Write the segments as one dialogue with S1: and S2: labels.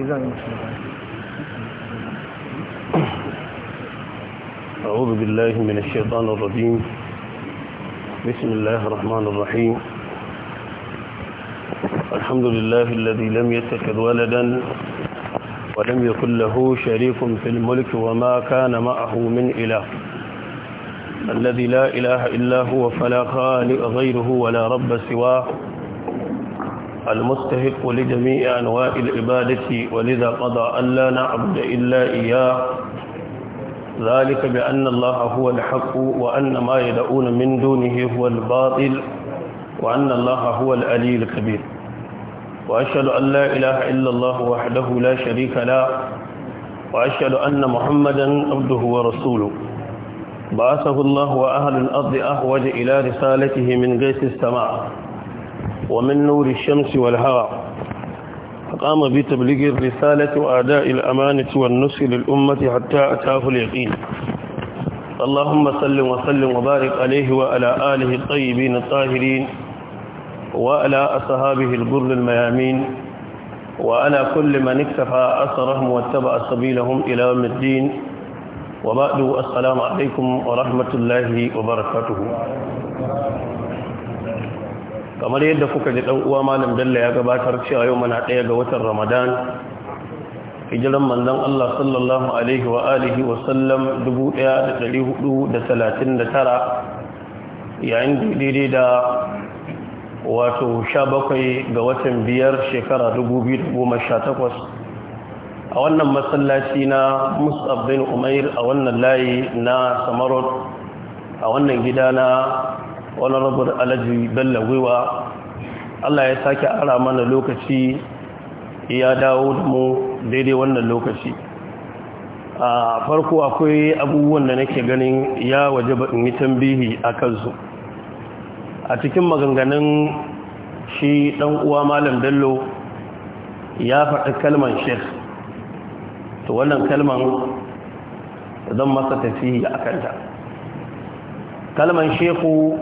S1: ميزان أعوذ بالله من الشيطان الرجيم بسم الله الرحمن الرحيم الحمد لله الذي لم يتخذ ولدا ولم يكن له شريك في الملك وما كان معه من إله الذي لا إله إلا هو فلا خالق غيره ولا رب سواه المستحق لجميع أنواع العبادة ولذا قضى أن لا نعبد إلا إياه ذلك بأن الله هو الحق وأن ما يدعون من دونه هو الباطل وأن الله هو العلي الكبير وأشهد أن لا إله إلا الله وحده لا شريك له وأشهد أن محمدا عبده ورسوله بعثه الله وأهل الأرض أهوج إلى رسالته من جيش السماء ومن نور الشمس والهوى فقام بتبليغ الرسالة وأداء الأمانة والنصر للأمة حتى أتاه اليقين اللهم صل وسلم وبارك عليه وعلى آله الطيبين الطاهرين وعلى أصحابه البر الميامين وعلى كل من اكتفى أثرهم واتبع سبيلهم إلى يوم الدين وبعد السلام عليكم ورحمة الله وبركاته kamar yadda kuka ji uwa malam bello ya gabatar cewa yau mana ɗaya ga watan ramadan hijiran manzan allah sallallahu alaihi wa alihi wasallam 1439 yayin daidai da wato 17 ga watan biyar shekara 2018 a wannan masallaci na mus bin umair a wannan layi na samarot a wannan gida na wani rabar alaji bello gwiwa allah ya sake ara mana lokaci ya dawo da mu daidai wannan lokaci a farko akwai abubuwan da nake ganin ya waje in yi tambihi a kansu a cikin maganganun shi ɗan uwa malam bello ya faɗi kalman sheikh to wannan kalman zan masa tafiya a kanta kalman shehu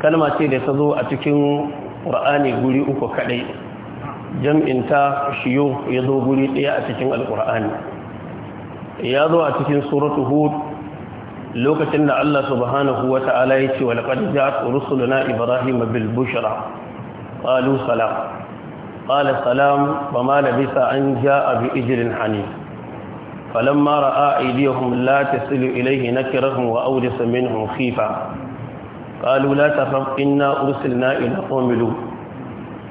S1: kalma ce da ta zo a cikin ƙur'ani guri uku kaɗai jam'inta shiyo ya zo guri ɗaya a cikin alƙur'ani ya zo a cikin suratu hud lokacin da Allah subhanahu wa ta'ala ya ce walaƙar ja'at rusuluna ibrahim bil bushra qalu salam qala salam ba ma labisa an ja'a bi ijlin hanif falamma ra'a aydiyahum la tasilu ilayhi nakirahum wa awjasa minhum khifa قالوا لا تخف إنا أرسلنا إلى قوم لوط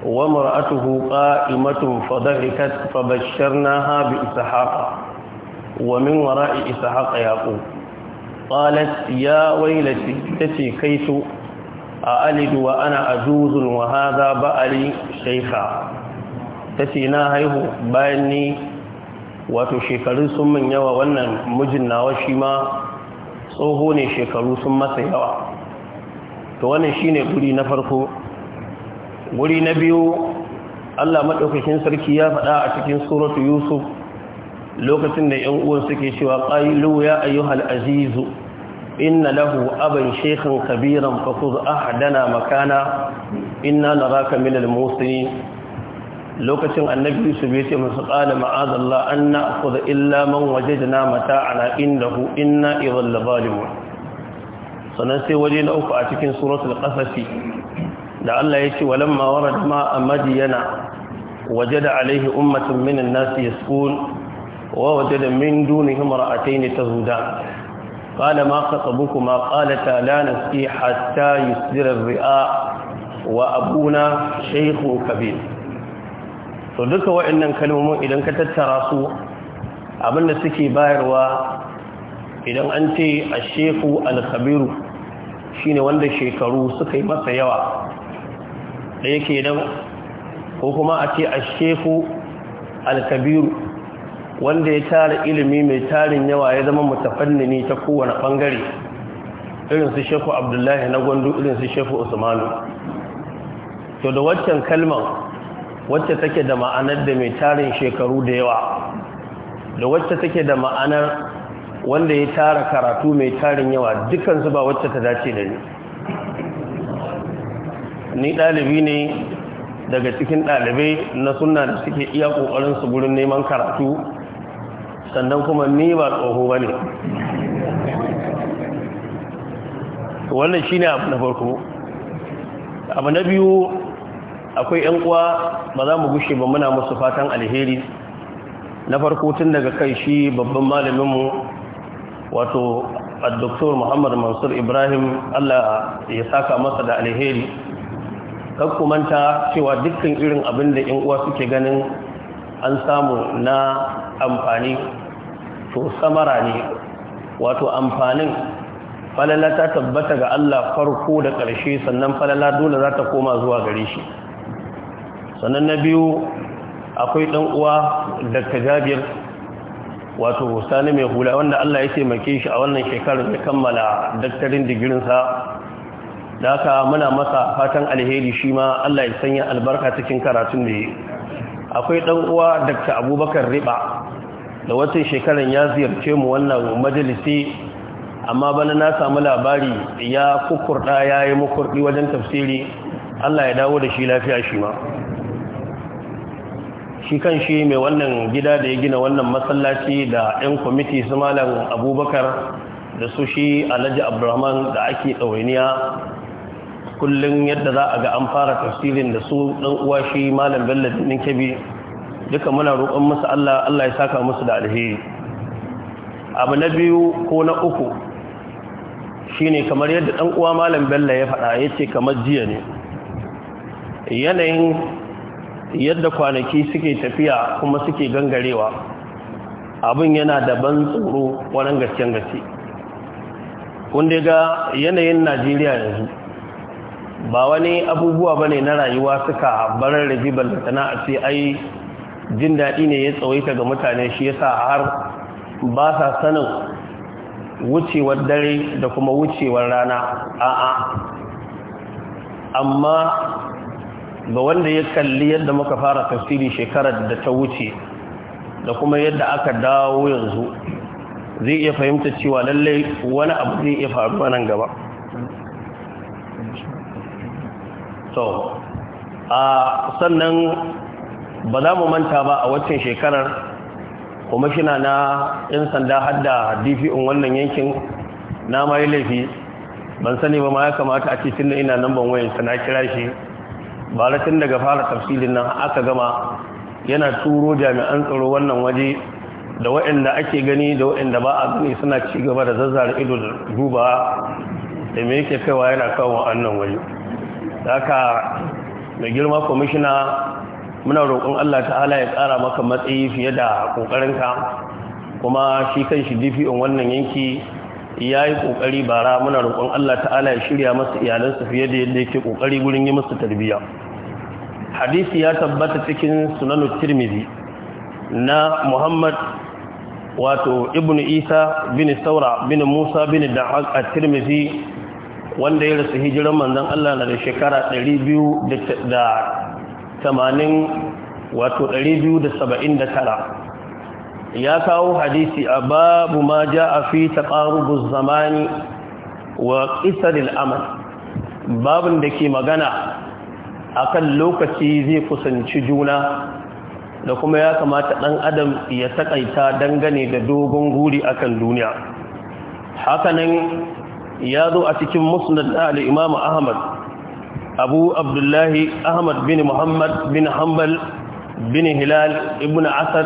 S1: وامرأته قائمة فضحكت فبشرناها بإسحاق ومن وراء إسحاق يعقوب قالت يا ويلتي تتي كيت أألد وأنا أجوز وهذا بألي شيخا تتي ناهيه بأني وتشكر ثم يوى وأن مجنا وشما tsoho ne shekaru sun masa yawa to wannan shine guri na farko guri na biyu Allah madaukakin sarki ya faɗa a cikin suratu Yusuf lokacin da yan uwan suke cewa qailu ya ayyuhal aziz inna lahu aban shaykhan kabiran fakuz ahdana makana inna naraka minal muslimin lokacin annabi su bai ce masu ƙala ma'azallah an na kuda illa man waje da na mata ana inda hu inna iran labarimu sannan sai waje na uku a cikin suratul qasasi da Allah yake walamma warad ma amadiyana wajada alaihi ummatun minan nas yasqun wa wajada min dunihim ra'atayn tazudan qala ma khatabukuma qalata la nasqi hatta yusdira ar-ri'a wa abuna shaykhun kabir to duka wa'annan kalmomin idan ka tattara su abinda suke bayarwa idan an ce ashefu al shine wanda shekaru suka yi masa yawa da yake nan ko kuma a ce a shefu alkabiru wanda ya tara ilimi mai tarin yawa ya zama mutafannini ta kowane bangare irin su shefu abdullahi na gwandu irin su shefu usmanu to da waccan kalmar wacce take da ma'anar da mai tarin shekaru da yawa da wacce take da ma'anar wanda ya tara karatu mai tarin yawa dukansu ba wacce ta dace da ni ni ɗalibi ne daga cikin ɗalibai na suna da suke iya ƙoƙarinsu gurin neman karatu sannan kuma ni ba tsoho ba ne wannan shi ne abu na farko abu na biyu akwai 'yan uwa ba za mu gushe ba muna musu fatan alheri na farko tun daga kai shi babban malaminmu wato al-doktor muhammad mansur ibrahim allah ya saka masa da alheri kakku manta cewa dukkan irin abin da uwa suke ganin an samu na amfani to samara ne wato amfanin falala ta tabbata ga allah farko da ƙarshe sannan falala dole za ta koma zuwa gare shi sannan na biyu akwai ɗan uwa da tajabiyar wato sani mai hula wanda Allah ya taimake shi a wannan shekarar ya kammala daktarin digirinsa da haka muna masa fatan alheri shi ma Allah ya sanya albarka cikin karatun da ya akwai ɗan uwa Dr. Abubakar Riba da watan shekarar ya ziyarce mu wannan majalisi amma bana na samu labari ya kukurda ya yi mukurdi wajen tafsiri Allah ya dawo da shi lafiya shi ma shi kan shi mai wannan gida da ya gina wannan masallaci da 'yan kwamiti su malam abubakar da su shi alhaji abdurrahman da ake ɗawainiya kullum yadda za a ga an fara tafsirin da su ɗan uwa shi malam bello ɗin kebe duka muna roƙon musu allah allah ya saka musu da alheri abu na biyu ko na uku shine kamar yadda ɗan uwa malam bello ya faɗa ya ce kamar jiya ne yanayin yadda kwanaki suke tafiya kuma suke gangarewa abin yana da ban tsoro wani gasken gaske kunde ga yanayin najeriya yanzu ba wani abubuwa bane na rayuwa suka barar rabi balantana a ce ai jin daɗi ne ya tsawaita ga mutane shi yasa har ba sa sanin wucewar dare da kuma wucewar rana a'a amma ga wanda ya kalli yadda muka fara tafsiri shekarar da ta wuce da kuma yadda aka dawo yanzu zai iya fahimta cewa lallai wani abu zai iya faruwa nan gaba so a sannan ba za mu manta ba a waccan shekarar kwamishina na 'yan sanda hadda dpn wannan yankin na mai laifi ban sani ba ma ya kamata a cikin ina nan ban wayan sana kira shi balatin daga fara tafsirin nan aka gama yana turo jami'an tsaro wannan waje da waɗanda ake gani da waɗanda ba a gani suna ci gaba da zazzara ido da duba da me yake kaiwa yana kawo annan waje da haka mai girma kwamishina muna roƙon Allah ta'ala ya ƙara maka matsayi fiye da ƙoƙarinka kuma shi kan shi dpo wannan yanki ya yi ƙoƙari bara muna roƙon Allah ta'ala ya shirya masu iyalansu fiye da yadda yake ƙoƙari gurin yi masu tarbiyya hadisi ya tabbata cikin sunan tirmidhi na muhammad wato ibnu isa bin saura bin musa bin da'aq a tirmidhi wanda ya rasu hijiran manzon Allah na da shekara 200 da wato 279 ya kawo hadisi a babu ma a fi taqarubuz zamani wa qisar al-amal babin da ke magana akan lokaci zai kusanci juna da kuma ya kamata ɗan adam ya takaita dangane da dogon guri akan duniya hakanan ya zo a cikin musnad na al'imamu ahmad abu abdullahi ahmad bin muhammad bin hanbal bin hilal ibn asad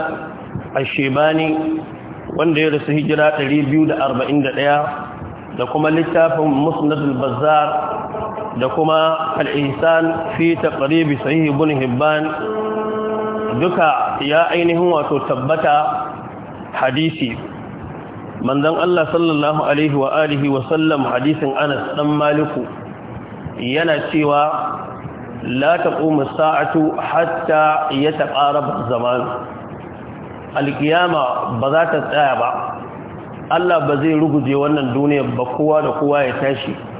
S1: ashebani wanda ya rasu hijira 241 da kuma littafin musnad al-bazzar da kuma al'insan fi taqribi sahihi ibn hibban duka ya ainihin wato tabbata hadisi manzon Allah sallallahu alaihi wa alihi hadisin Anas ɗan Maliku yana cewa la taqumu sa'atu hatta yataqarab zaman alkiyama ba za ta tsaya ba Allah ba zai ruguje wannan duniyar ba kowa da kowa ya tashi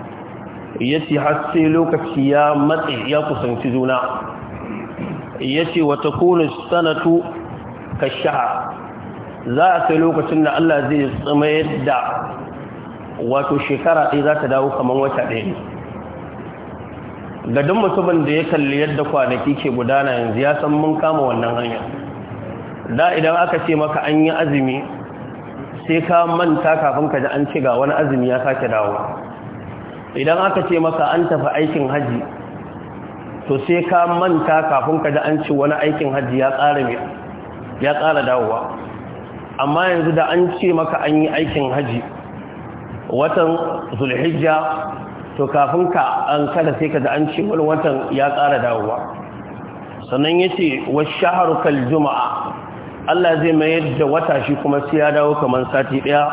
S1: ya ce sai lokaci ya matse ya kusanci juna ya ce wata kone sanatu ka sha'a za a kai lokacin da Allah zai tsama yadda wato shekara ɗaya za ta dawo kamar wata ɗaya ne ga duk mutumin da ya kalli yadda kwanaki ke gudana yanzu ya san mun kama wannan hanya da idan aka ce maka an yi azumi sai ka manta kafin ka ji an ci ga wani azumi ya sake dawo idan aka ce maka an tafi aikin haji to sai ka manta kafin ka ji an ce wani aikin haji ya tsara mai ya tsara dawowa amma yanzu da an ce maka an yi aikin haji watan zulhijja to kafin ka an kada sai ka ji an ce wani watan ya tsara dawowa sannan ya ce wa shaharu juma'a Allah zai mayar da wata shi kuma sai ya dawo kamar sati daya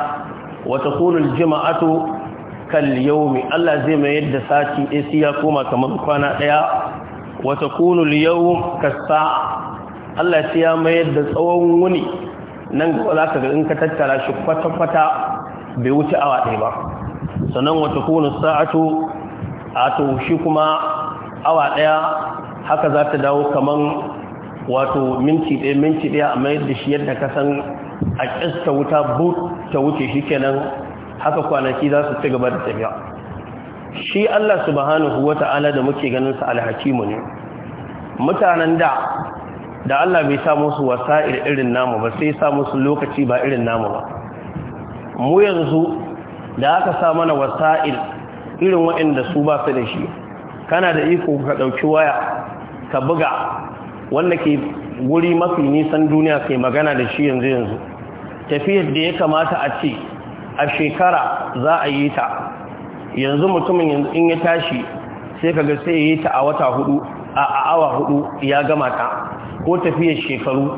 S1: wata kunul juma'atu kal yawmi Allah zai mayar da sati ɗaya sai ya koma kamar kwana ɗaya wa takunu al yawm Allah sai ya mayar da tsawon wuni nan ga zaka ga in ka tattara shi kwata-kwata bai wuce awa ɗaya ba sannan wa takunu sa'atu a to shi kuma awa ɗaya haka za ta dawo kaman wato minti ɗaya minti ɗaya a mayar da shi yadda ka san a kista wuta but ta wuce shi kenan haka kwanaki za su ci gaba da tafiya shi Allah subhanahu wata'ala da muke ganin sa alhakimu ne mutanen da da Allah bai sa musu wasa'ir irin namu ba sai sa musu lokaci ba irin namu ba mu yanzu da aka sa mana wasa'il irin waɗanda su ba su da shi kana da iko ka ɗauki waya ka buga wanda ke guri mafi nisan duniya kai magana da shi yanzu yanzu tafiyar da ya kamata a ce a shekara za a yi ta yanzu mutumin yanzu in ya tashi sai kaga sai ya yi ta a wata hudu a awa hudu ya gama ta ko tafiyar shekaru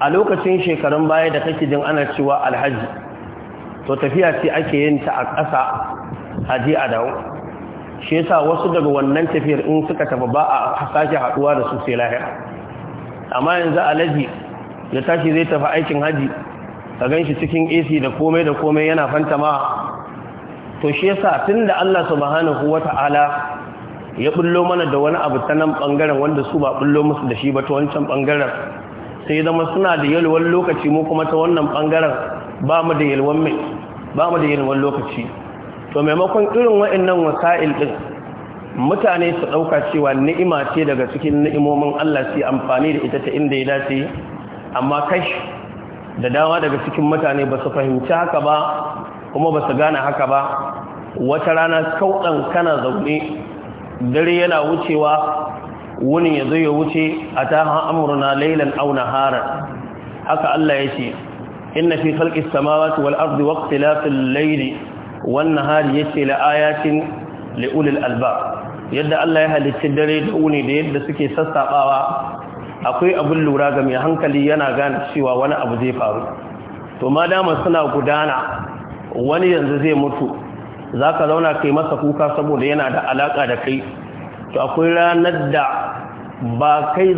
S1: a lokacin shekarun baya da kake jin ana cewa alhaji to tafiya ce ake yin ta a ƙasa haji a dawo shi yasa wasu daga wannan tafiyar in suka tafi ba a sake haduwa da su sai lahira amma yanzu alhaji da tashi zai tafi aikin haji ka gan shi cikin AC da komai da komai yana fantama to shi yasa da Allah subhanahu wata'ala ya bullo mana da wani abu ta nan bangaren wanda su ba bullo musu da shi ba ta wancan bangaren sai zama suna da yalwan lokaci mu kuma ta wannan bangaren ba mu da yalwan mai ba mu da yalwan lokaci to maimakon irin wa'annan wasa'il din mutane su ɗauka cewa ni'ima ce daga cikin ni'imomin Allah sai amfani da ita ta inda ya dace amma kashi da dama daga cikin mutane ba su fahimci haka ba kuma ba su gane haka ba wata rana kauɗan kana zaune dare yana wucewa wuni ya zo ya wuce a ta amurna lailan auna harar haka Allah ya ce inna fi khalqis samawati wal ardi waqtilafil layli wan nahari yace la ayatin li ulil alba. yadda Allah ya halicci dare da wuni da yadda suke sassaɓawa. akwai abin lura ga mai hankali yana gane cewa wani abu zai faru to ma dama suna gudana wani yanzu zai mutu za ka zauna kai masa kuka saboda yana da alaƙa da kai to akwai ranar da ba kai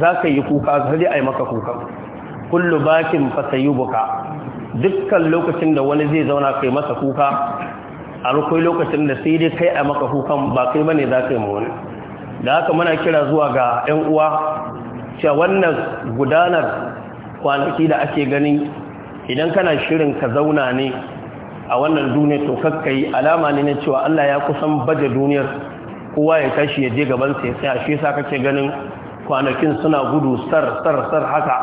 S1: za ka yi kuka zai a yi maka kuka kullu bakin fasayi buka dukkan lokacin da wani zai zauna kai masa kuka a rukwai lokacin da sai dai kai a maka kukan ba kai bane za ka yi ma wani da haka muna kira zuwa ga 'yan uwa cewa wannan gudanar kwanaki da ake gani idan kana shirin ka zauna ne a wannan duniya to kakkai alama ne na cewa Allah ya kusan baje duniyar kowa ya tashi ya je gaban sa ya a shi kake ganin kwanakin suna gudu sar sar sar haka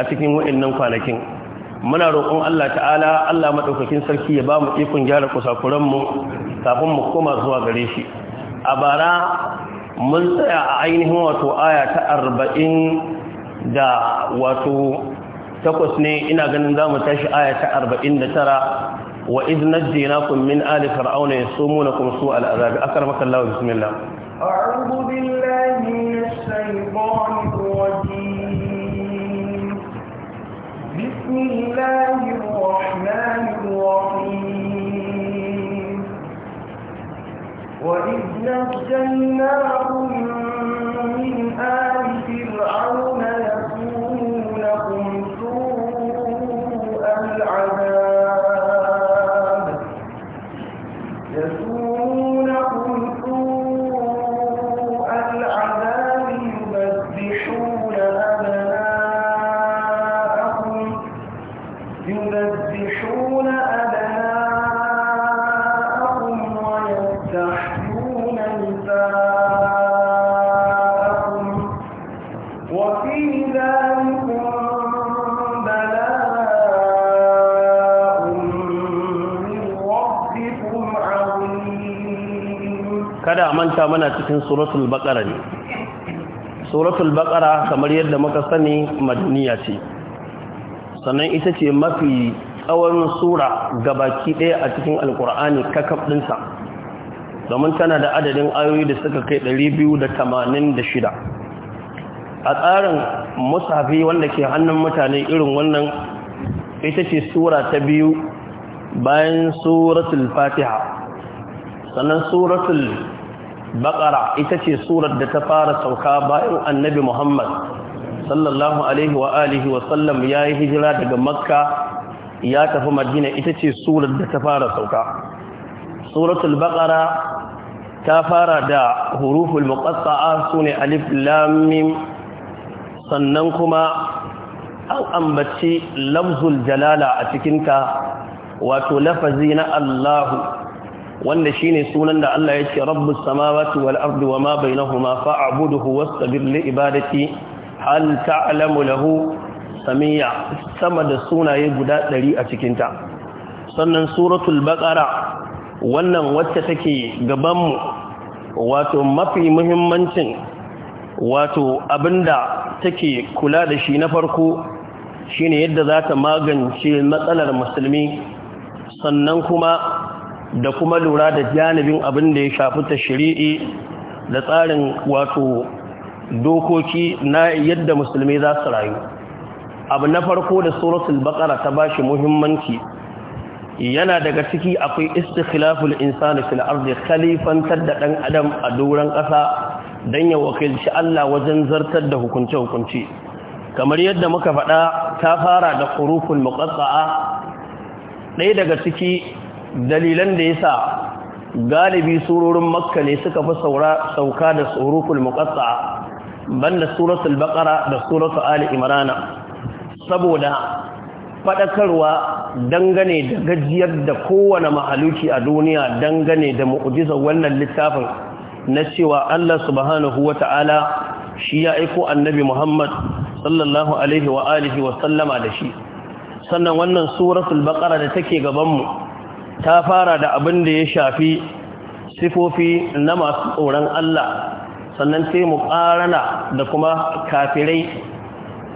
S1: a cikin wa'annan kwanakin muna roƙon Allah ta'ala Allah madaukakin sarki ya ba mu ikon gyara kusakuran mu kafin mu koma zuwa gare shi a bara mun tsaya a ainihin wato aya ta arba'in da wato takwas ne ina ganin za mu tashi aya ta arba'in da tara wa iznar jina kun min ali fir'auna ya so muna kuma su al'azabi akar maka Allah bismillah أعوذ بالله من الشيطان الرجيم بسم الله الرحمن الرحيم وإذ نجيناهم من آل فرعون kada a manta mana cikin suratul baqara ne suratul baqara kamar yadda muka sani madaniya ce sannan ita ce mafi tsawon sura gabaki ɗaya a cikin alkur'ani kakaf ɗinsa domin tana da adadin ayoyi da suka kai 286 a tsarin musafi wanda ke hannun mutane irin wannan ita ce sura ta biyu bayan suratul fatiha sannan suratul Baƙara ita ce surar da ta fara sauka bayan annabi muhammad sallallahu alaihi wa alihi wa sallam yayi hijira daga makka ya tafi madina ita ce surar da ta fara sauka suratul baƙara ta fara da huruful muƙasa'a sune alif lam sannan kuma an ambaci lafzul jalala a cikinta wato lafazi na Allahu wanda shine sunan da Allah ya ce rabbus samawati wal ardi wama a fa'buduhu wastabir li ibadati hal ta'lamu lahu samiya sama da sunaye guda ɗari a cikinta. sannan suratul baqara wannan wacce take gabanmu wato mafi muhimmancin wato abinda take kula da shi na farko shine yadda za ta magance matsalar musulmi sannan kuma da kuma lura da janibin abin da ya shafi ta shirii da tsarin wato dokoki na yadda musulmi za su rayu abu na farko da suratul bakara ta bashi muhimmanci yana daga ciki akwai istikhlaful insani fil ardi khalifantar da dan adam a doran kasa dan ya wakilci Allah wajen zartar da hukunce hukunci kamar yadda muka faɗa ta fara da huruful muqatta'a ɗaya daga ciki dalilan da yasa galibi surorin makka ne suka fi saura sauka da surukul muqatta banda suratul bakara da suratul ali imrana, saboda fadakarwa dangane da gajiyar da kowane mahaluki a duniya dangane da mu'jizar wannan littafin na cewa Allah subhanahu ta'ala shi ya aiko annabi Muhammad sallallahu alaihi wa alihi wa sallama da shi sannan wannan suratul baqara da take gabanmu. mu ta fara da abin da ya shafi sifofi na masu tsoron Allah sannan sai mu ƙarana da kuma kafirai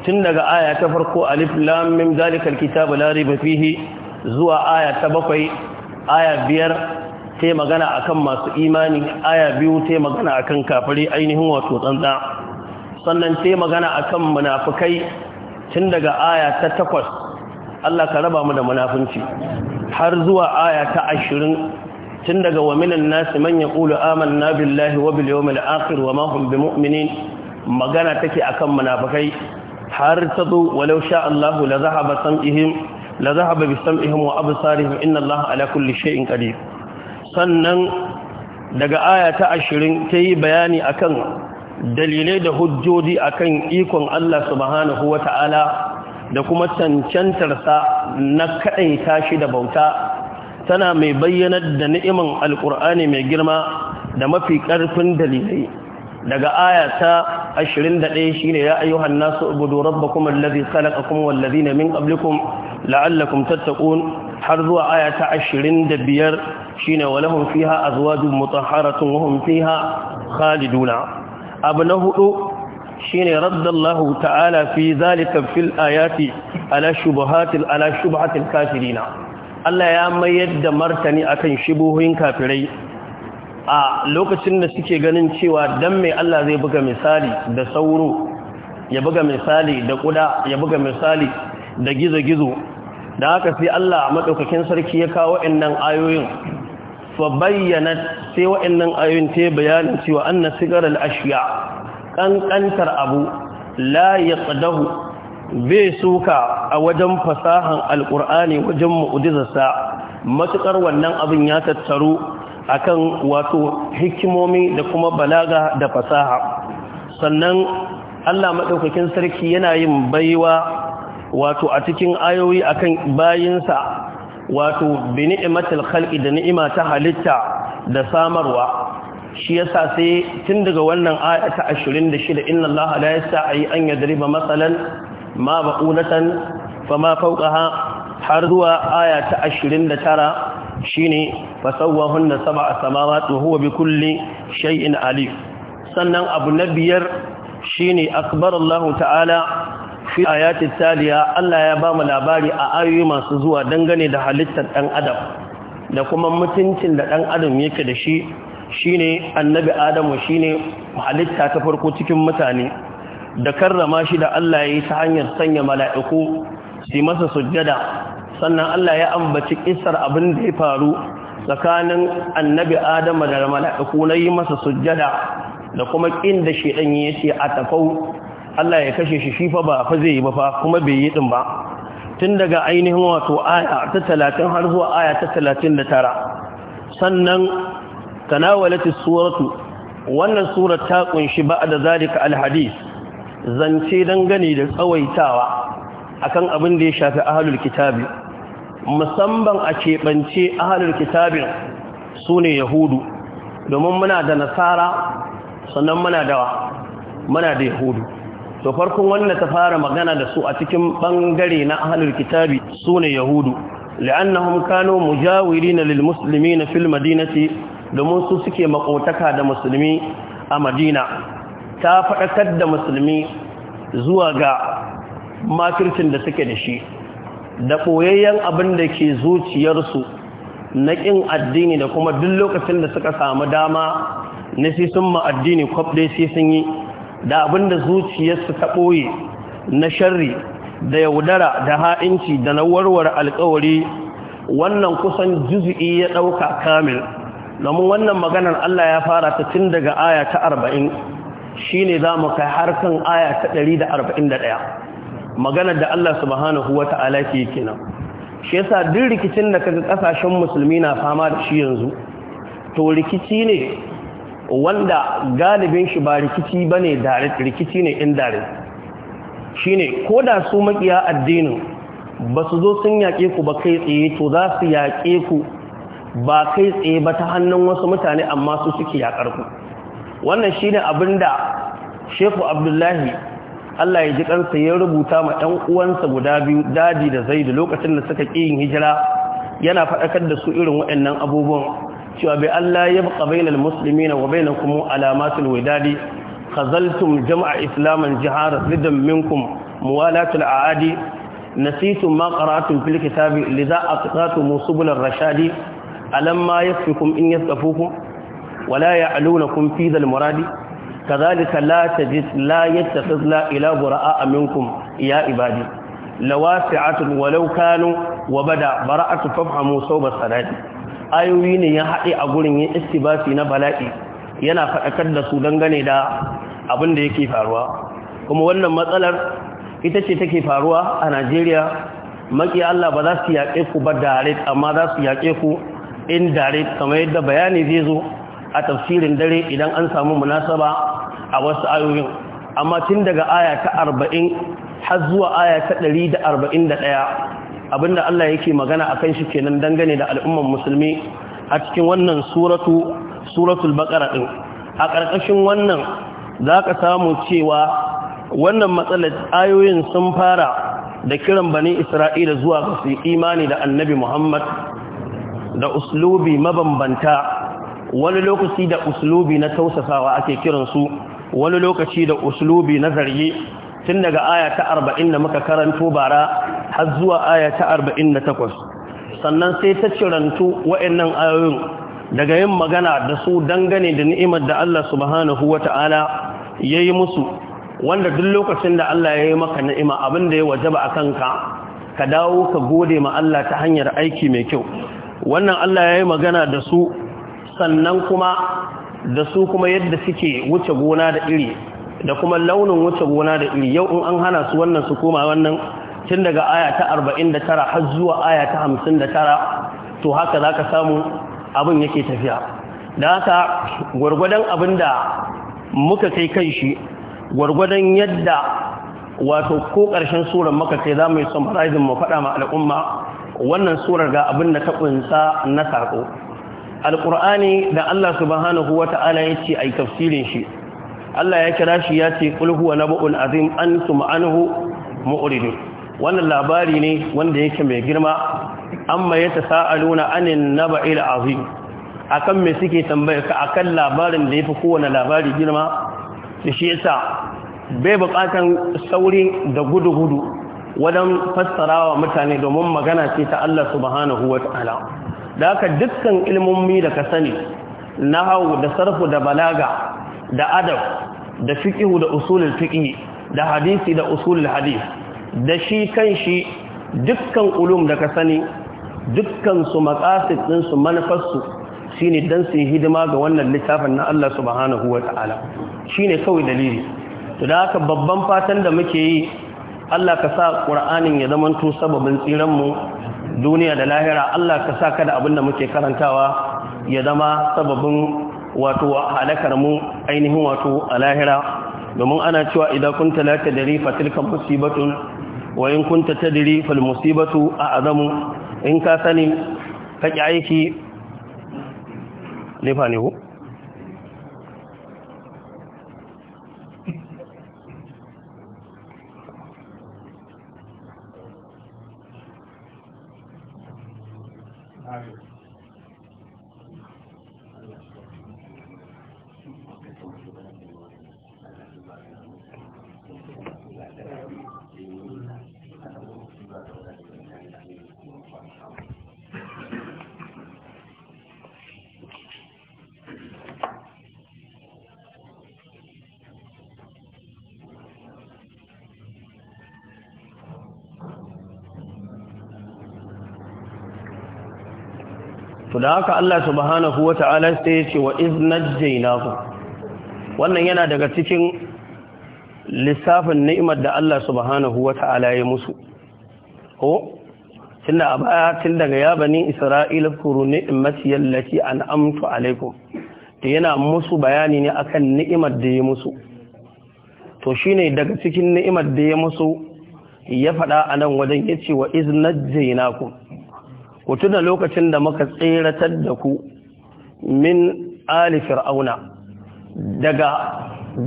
S1: tun daga aya ta farko alif lam mim zalikal kitabu la riba fihi zuwa aya ta bakwai aya biyar sai magana akan masu imani aya biyu sai magana akan kafirai ainihin wato tsantsa sannan sai magana akan munafikai tun daga aya ta takwas Allah ka raba mu da munafunci har zuwa aya ta 20 tun daga wa minan nasi man yaqulu amanna billahi wa bil yawmil akhir wa ma hum bimu'minin magana take akan munafikai har ta zo walau sha Allah la zahaba sam'ihim la zahaba bi sam'ihim wa absarihim inna Allah ala kulli shay'in qadir sannan daga aya ta 20 ta yi bayani akan dalilai da hujjoji akan ikon Allah subhanahu Ta'ala. da kuma cancantarsa na kaɗaita tashi da bauta tana mai bayyanar da ni'iman alƙur'ani mai girma da mafi ƙarfin dalilai daga ayata 21 shine ya ayyuhan nasu ubudu rabbakum allazi khalaqakum wal ladina min qablikum la'allakum tattaqun har zuwa ayata 25 shine walahum fiha azwajun mutahharatun wa hum fiha khaliduna abu na hudu shine raddallahu ta'ala fi zalika fil ayati ala shubuhatil ala shubuhatil kafirina Allah ya mayar da martani akan shubuhin kafirai a lokacin da suke ganin cewa dan mai Allah zai buga misali da sauro ya buga misali da kuda ya buga misali da gizo-gizo da haka sai Allah madaukakin sarki ya kawo wa'annan ayoyin fa bayyana sai wa'annan ayoyin ta bayanin cewa anna sigaral ashiya ƙanƙantar abu la ya tsadahu bai suka a wajen fasahan alƙur'ani wajen ma’udizarsa matuƙar wannan abin ya tattaru akan wato hikimomi da kuma balaga da fasaha sannan Allah maɗaukakin sarki yana yin baiwa wato a cikin ayoyi akan bayinsa wato bi khalqi da ni'ima ta halitta da samarwa shi yasa sai tun daga wannan aya ta shida, inna allaha la yasta'i an yadriba masalan ma baqulatan fama fawqaha har zuwa aya ta 29 shine da sab'a samawati wa huwa bikulli shay'in alim sannan abu na biyar shine akbar allah ta'ala fi ayati taliya Allah ya ba mu labari a ayoyi masu zuwa dangane da halittar ɗan adam da kuma mutuncin da ɗan adam yake da shi shine annabi adamu shine halitta ta farko cikin mutane da karrama shi da Allah ya yi ta hanyar sanya mala'iku su masa sujjada sannan Allah ya ambaci kisar abin da ya faru tsakanin annabi adamu da mala'iku na yi masa sujjada da kuma ƙin da ɗanyi ya ce a tafau Allah ya kashe shi shifa ba fa zai yi ba fa kuma bai yi din ba tun daga ainihin wato aya ta talatin har zuwa aya ta talatin da tara sannan tanawalati suratu wannan surar ta kunshi ba'da zalika alhadith zance dangane da tsawaitawa kan abin da ya shafi ahlul kitabi musamman a keɓance ahlul kitabin sune yahudu domin muna da nasara sannan muna da yahudu to farkon wanda ta fara magana da su a cikin bangare na halin kitabi sune yahudu لأنهم كانوا مجاورين للمسلمين في المدينة domin su suke makotaka da musulmi a madina ta faɗakar da musulmi zuwa ga makircin da suke da shi da ɓoyayyen abin da ke zuciyarsu na ƙin addini da kuma duk lokacin da suka samu dama na sai sun ma'addini kwabde sun yi da abin da zuciyarsu ta ɓoye na sharri da yaudara da ha'inci da na warware alkawari wannan kusan juzu'i ya ɗauka kamil domin wannan maganar Allah ya fara ta tun daga aya ta arba'in shi ne za mu kai har kan aya ta ɗari da arba'in da ɗaya maganar da Allah subhanahu wa ta'ala ke kenan shi yasa duk rikicin da kaga kasashen musulmi na fama da shi yanzu to rikici ne wanda galibin shi ba rikici ba dare rikici ne dare. shi ne ko da su maƙiya addinin ba su zo sun yaƙe ku ba kai tsaye to za su yaƙe ku ba kai tsaye ba ta hannun wasu mutane amma su suke yakar ku wannan shine abin da Shehu Abdullahi Allah ya ji kansa ya rubuta ma ɗan uwansa guda biyu Dadi da da lokacin da suka ƙi yin hijira yana faɗakar da su irin waɗannan abubuwan cewa bai Allah ya buƙa bainal na wa bainakum alamatul daɗi. khazaltum jama'a islaman jihara ridan minkum muwalatul aadi nasitum ma qara'tum fil kitabi lidha aqtatu musubul rashadi alamma yasfikum in yastafukum wala ya'lunakum fi dhal muradi kadhalika la tajid la yattakhidh ila ilahu minkum ya ibadi lawasi'atun walau kanu wa bara'atu fafhamu sawba sadaqi ayoyi ne ya haɗe a gurin yin istibasi na bala'i yana faɗakar da su dangane da abin da yake faruwa kuma wannan matsalar ita ce take faruwa a Najeriya maki Allah ba za su yaƙe ku ba direct amma za su yaƙe ku In dare kamar yadda bayani zai zo a tafsirin dare idan an samu munasaba a wasu ayoyin amma tun daga aya ta arba'in har zuwa aya ta ɗari da arba'in da ɗaya abinda Allah yake magana a kan shi kenan dangane da al'umman musulmi a cikin wannan suratu suratul ɗin a ƙarƙashin wannan za ka samu cewa wannan matsalar ayoyin sun fara da kiran bani isra'ila zuwa ga su imani da annabi muhammad da uslubi mabambanta wani lokaci da uslubi na tausasawa ake kiransu wani lokaci da uslubi na zarge tun daga aya ta arba'in da muka karanto bara har zuwa aya ta arba'in sannan sai ta cirantu wa'annan ayoyin daga yin magana da su dangane da ni'imar da Allah subhanahu wa ta'ala ya yi musu wanda duk lokacin da Allah ya yi maka ni'ima abin da ya wajaba a kanka ka dawo ka gode ma Allah ta hanyar aiki mai kyau wannan Allah ya yi magana da su sannan kuma da su kuma yadda suke wuce gona da iri da kuma launin wuce gona da iri yau in an hana su wannan su koma wannan tun daga aya ta 49 har zuwa aya ta 59 to haka za ka samu abin yake tafiya da haka gwargwadon abin da muka kai kan shi gwargwadon yadda wato ko ƙarshen tsoron maka kai za mu yi summarizing mu faɗa ma al'umma wannan surar ga abin da ta kunsa na sako alqur'ani da Allah subhanahu wata'ala yace ai tafsirin shi Allah ya kira shi yace qul huwa naba'un azim antum anhu mu'ridun wannan labari ne wanda yake mai girma amma yatasaaluna anin naba'il azim akan me suke tambayarka ka akan labarin da yafi kowane labari girma shi yasa bai bukatan sauri da gudu-gudu wajen fassarawa mutane domin magana ce ta Allah subhanahu ta'ala da ka dukkan ilmomi da ka sani nahwu da sarfu da balaga da adab da fiqh da usulul fiqh da hadisi da usulul hadis da shi kan shi dukkan ulum da ka sani dukkan su maqasid din su manufarsu shine dan su hidima ga wannan littafin na Allah subhanahu ta'ala shine kawai dalili to da haka babban fatan da muke yi Allah ka sa ƙur'anin ya zama to sababin tsiranmu duniya da lahira Allah ka sa kada abin da muke karantawa ya zama sababin wato halakar mu ainihin wato a lahira domin ana cewa idan kunta la tadri fa tilka musibatun wa in kunta tadri fal musibatu a'zamu in ka sani ka ki aiki ne fa to da haka Allah subhanahu ta'ala sai ya ce wa iz wannan yana daga cikin lissafin ni'imar da Allah subhanahu ta'ala ya musu ko tunda a baya tun daga ya bani isra'ila furu ni'mati allati an'amtu alaikum to yana musu bayani ne akan ni'imar da ya musu to shine daga cikin ni'imar da ya musu ya faɗa anan nan wajen yace wa iz ku tuna lokacin da muka tseratar da ku min ali fir'auna daga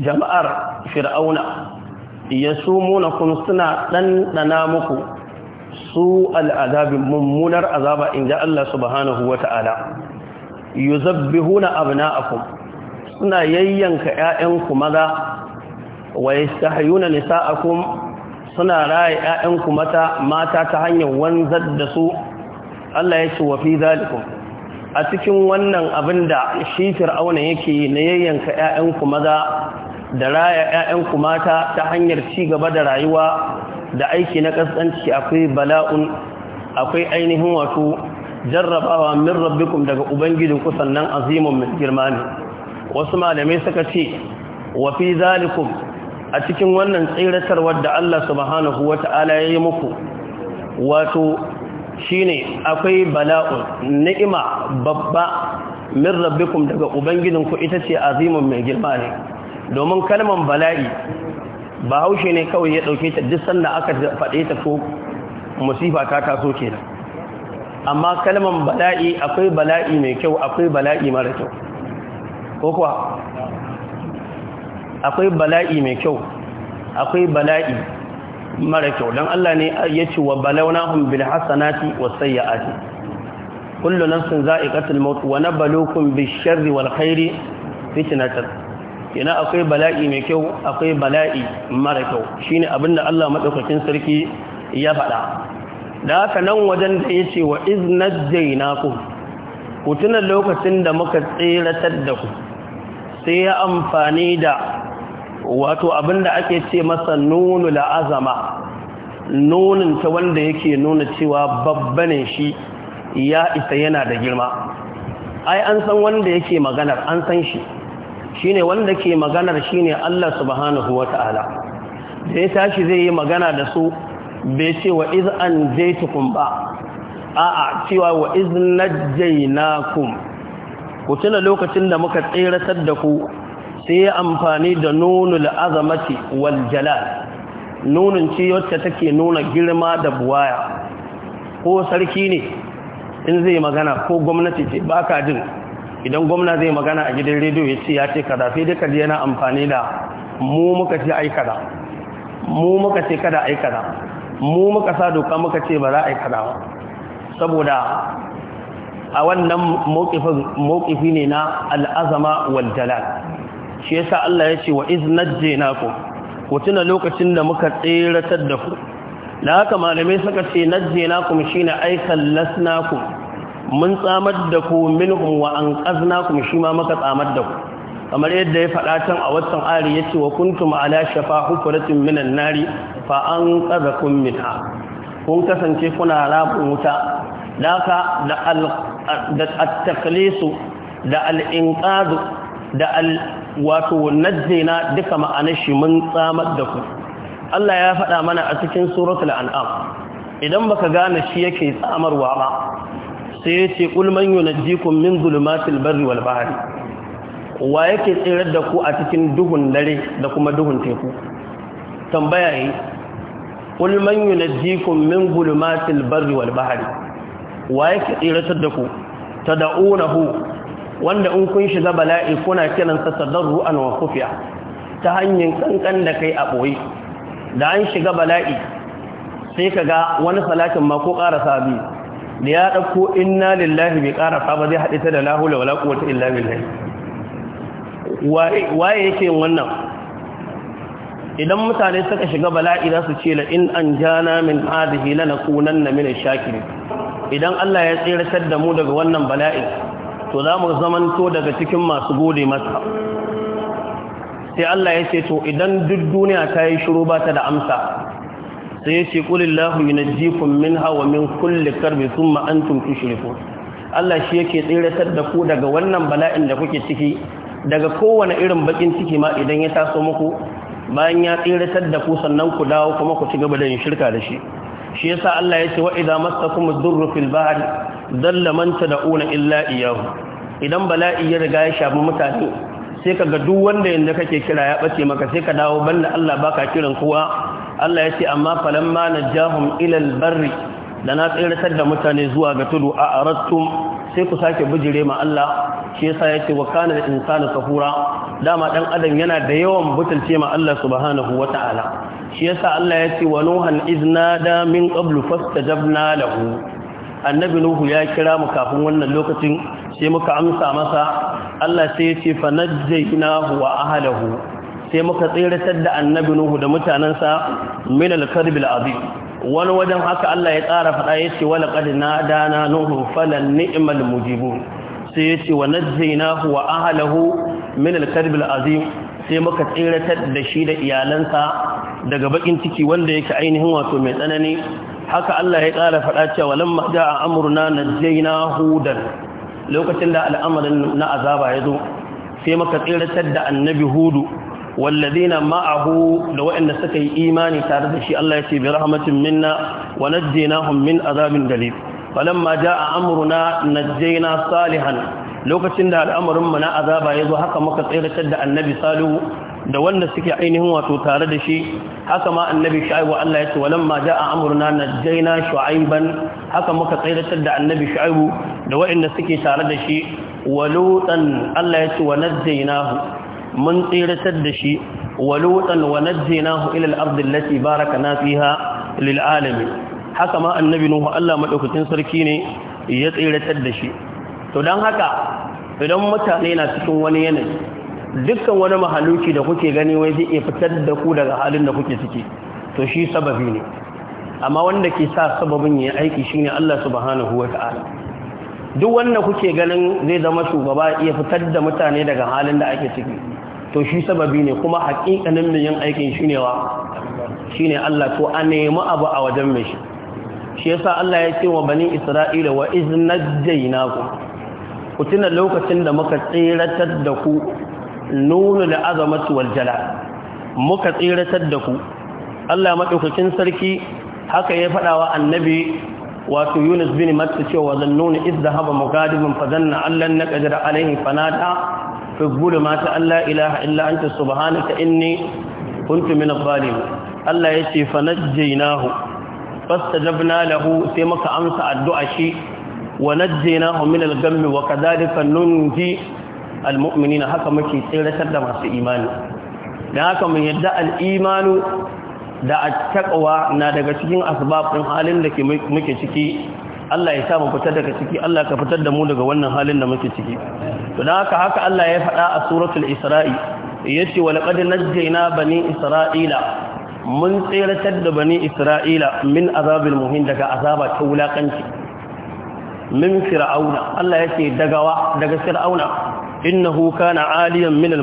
S1: jama'ar fir'auna ya sumuna kun suna ɗanɗana muku su al'azabin mummunar azaba in ji Allah subhanahu wa ta'ala yuzabbihuna abna'akum suna yayyanka ƴaƴanku maza wa yastahiyuna nisa'akum suna raye ƴaƴanku mata mata ta hanyar wanzar da su Allah ya ce wa fi zalikum a cikin wannan abin da shi fir'auna yake na yayyanka ku maza da raya ku mata ta hanyar ci gaba da rayuwa da aiki na kasance akwai bala'un akwai ainihin wato jarrabawa min rabbikum daga ku sannan azimun min girma ne wasu malamai suka ce wa fi zalikum a cikin wannan tsiratarwar da Allah subhanahu wata'ala ya yi muku wato shine akwai bala'un ni'ima babba min rabbikum daga ubangijinku ita ce azimin mai girma ne domin kalman bala'i ba haushe ne kawai ya dauke ta duk sanda aka faɗe ta ko musifa ta taso kenan amma kalman bala'i akwai bala'i mai kyau akwai bala'i mara kyau ko kuwa akwai bala'i mai kyau akwai bala'i mara kyau don Allah ne ya ce wa balawnahum bil hasanati was sayyiati kullu nafsin za'iqatul maut wa nabluukum bish sharri wal khairi fitnatan ina akwai bala'i mai kyau akwai bala'i mara kyau shine abinda Allah madaukakin sarki ya faɗa da haka nan wajen da yace wa iznajjaynakum ku tuna lokacin da muka tseratar da ku sai ya amfani da wato abin da ake ce masa nunu la'azama nunin ta wanda yake nuna cewa babba shi ya isa yana da girma ai an san wanda yake maganar an san shi shine wanda ke maganar shine Allah subhanahu wata'ala da ya tashi zai yi magana da su bai ce wa iz an jaitukum ba a'a cewa wa iz najjaynakum ku tuna lokacin da muka tseratar da ku sai amfani da nunul azamati wal jalal nunin ce wacce take nuna girma da buwaya ko sarki ne in zai magana ko gwamnati ce ba ka jin idan gwamna zai magana a gidan rediyo ya ce ya ce kada sai duka ji yana amfani da mu muka ce ai kada mu muka ce kada ai kada mu muka sa doka muka ce ba za a kada ba saboda a wannan mawkifi ne na al'azama wal jalal shi yasa Allah ya ce wa iznajjaynakum ku tuna lokacin da muka tseratar da ku da haka malamai suka ce najjaynakum shine aikan lasnakum mun tsamar da ku minhum wa anqaznakum shi muka tsamar da ku kamar yadda ya faɗa can a watan ari yace wa kuntum ala shafa hufratin minan nari fa anqazakum minha kun kasance kuna rafin wuta da haka da al da al taqlisu da al wato najjina duka ma'anar shi mun tsamar da ku Allah ya faɗa mana a cikin suratul an'am idan baka gane shi yake tsamarwa ba sai ya ce qul man yunajjikum min zulumatil barri wal bahri wa yake tsirar da ku a cikin duhun dare da kuma duhun teku tambaya yi qul man yunajjikum min zulumatil barri wal bahri wa yake tsirar da ku tad'unahu wanda in kun shiga bala'i kuna kiransa sadarru'an wa kufiya ta hanyar kankan da kai a ɓoye da an shiga bala'i sai ka ga wani salatin ma ko ƙara sabi da ya ɗauko inna lillahi bai ƙara ba zai haɗe ta da lahula wala quwwata illa billahi waye yake yin wannan idan mutane suka shiga bala'i za su ce la in an jana min hadhihi na min ash idan Allah ya tsiratar da mu daga wannan bala'i. to za mu zamanto daga cikin masu gode masa sai Allah ya ce to idan duk duniya ta yi shiru ba ta da amsa sai ya ce kulillahu yi na wa min hawa kulle karbe sun ma'antun tushrikun Allah shi yake tsiratar da ku daga wannan bala'in da kuke ciki daga kowane irin bakin ciki ma idan ya taso muku bayan ya tsiratar da ku sannan ku dawo kuma ku ci gaba da yin shirka da shi shi yasa Allah ya ce wa idza massakum ad-durru fil bahri dalla man tad'una illa iyyahu idan bala'i ya riga ya shafi mutane sai kaga duk wanda yanda kake kira ya bace maka sai ka dawo banda Allah baka kiran kowa Allah ya ce amma falamma najahum ila al-barri da na tsiratar da mutane zuwa ga tudu a arattum sai ku sake bijire ma Allah shi yasa yake wa kana da insanu kafura dama dan adam yana da yawan butulce ma Allah subhanahu wataala shi yasa Allah yake wa nuhan iznada min qablu fastajabna lahu annabi nuhu ya kira mu kafin wannan lokacin sai muka amsa masa Allah sai ya ce fanajjaynahu wa ahlihi sai muka tsiratar da annabi nuhu da mutanansa min al-karbil azim wani wajen haka Allah ya tsara faɗa ya ce wani na dana nuhu falan ni'imal mujibu sai ya ce wa najjainahu wa ahlahu min al azim sai muka tsiratar da shi da iyalansa daga bakin ciki wanda yake ainihin wato mai tsanani haka Allah ya tsara faɗa cewa a amurna na najjaina hudan lokacin da al'amarin na azaba ya zo sai muka tsiratar da annabi hudu wallazina ma'ahu da waɗanda suka yi imani tare da shi Allah ya ce bi rahmatin minna wa najjaynahum min azabin galib falamma jaa amruna najjayna salihan lokacin da al'amarin mu na azaba yazo haka muka tsiratar da annabi salihu da wanda suke ainihin wato tare da shi haka ma annabi shu'aibu Allah ya ce walamma jaa amruna najjayna shu'aiban haka muka tsiratar da annabi shu'aibu da waɗanda suke tare da shi walutan Allah ya ce wa najjaynahu mun tsiratar da shi walutan wa najjaynahu ila al-ardi allati barakna fiha lil alamin haka ma annabi nuhu Allah madaukakin sarki ne ya tsiratar da shi to dan haka idan mutane na cikin wani yanayi dukkan wani mahaluki da kuke gani wai zai iya fitar da ku daga halin da kuke ciki to shi sababi ne amma wanda ke sa sababin ya aiki shine Allah subhanahu wataala duk wanda kuke ganin zai zama shugaba iya fitar da mutane daga halin da ake ciki to shi sababi ne kuma haƙiƙanin mai yin aikin shi ne shi ne Allah to a nemi abu a wajen mai shi shi sa Allah ya ce wa bani Isra'ila wa iznajjayna ku ku tuna lokacin da muka tsiratar da ku nuna da azamatu wal jala muka tsiratar da ku Allah madaukakin sarki haka ya faɗa wa annabi wato Yunus bin Matta cewa zannuni idh dhahaba mughadiban fadanna allan naqdir alaihi fanada fi mata Allah ilaha illa ta subhanaka inni kuntu min adh-dhalimin Allah yace fa najjaynahu fastajabna lahu sai muka amsa addu'a shi wa najjaynahu min al-ghammi wa kadhalika nunji al-mu'minina haka muke tsiratar da masu imani dan haka mun yadda al-imanu da at-taqwa na daga cikin asbabun halin da muke ciki Allah ya sa mu fitar daga ciki Allah ka fitar da mu daga wannan halin da muke ciki to dan haka haka Allah ya faɗa a suratul isra'i yace wa laqad najjayna bani isra'ila mun tseratar da bani isra'ila min azabil muhin daga azaba ta wulakanci min fir'auna Allah yake dagawa daga fir'auna innahu kana aliyan min al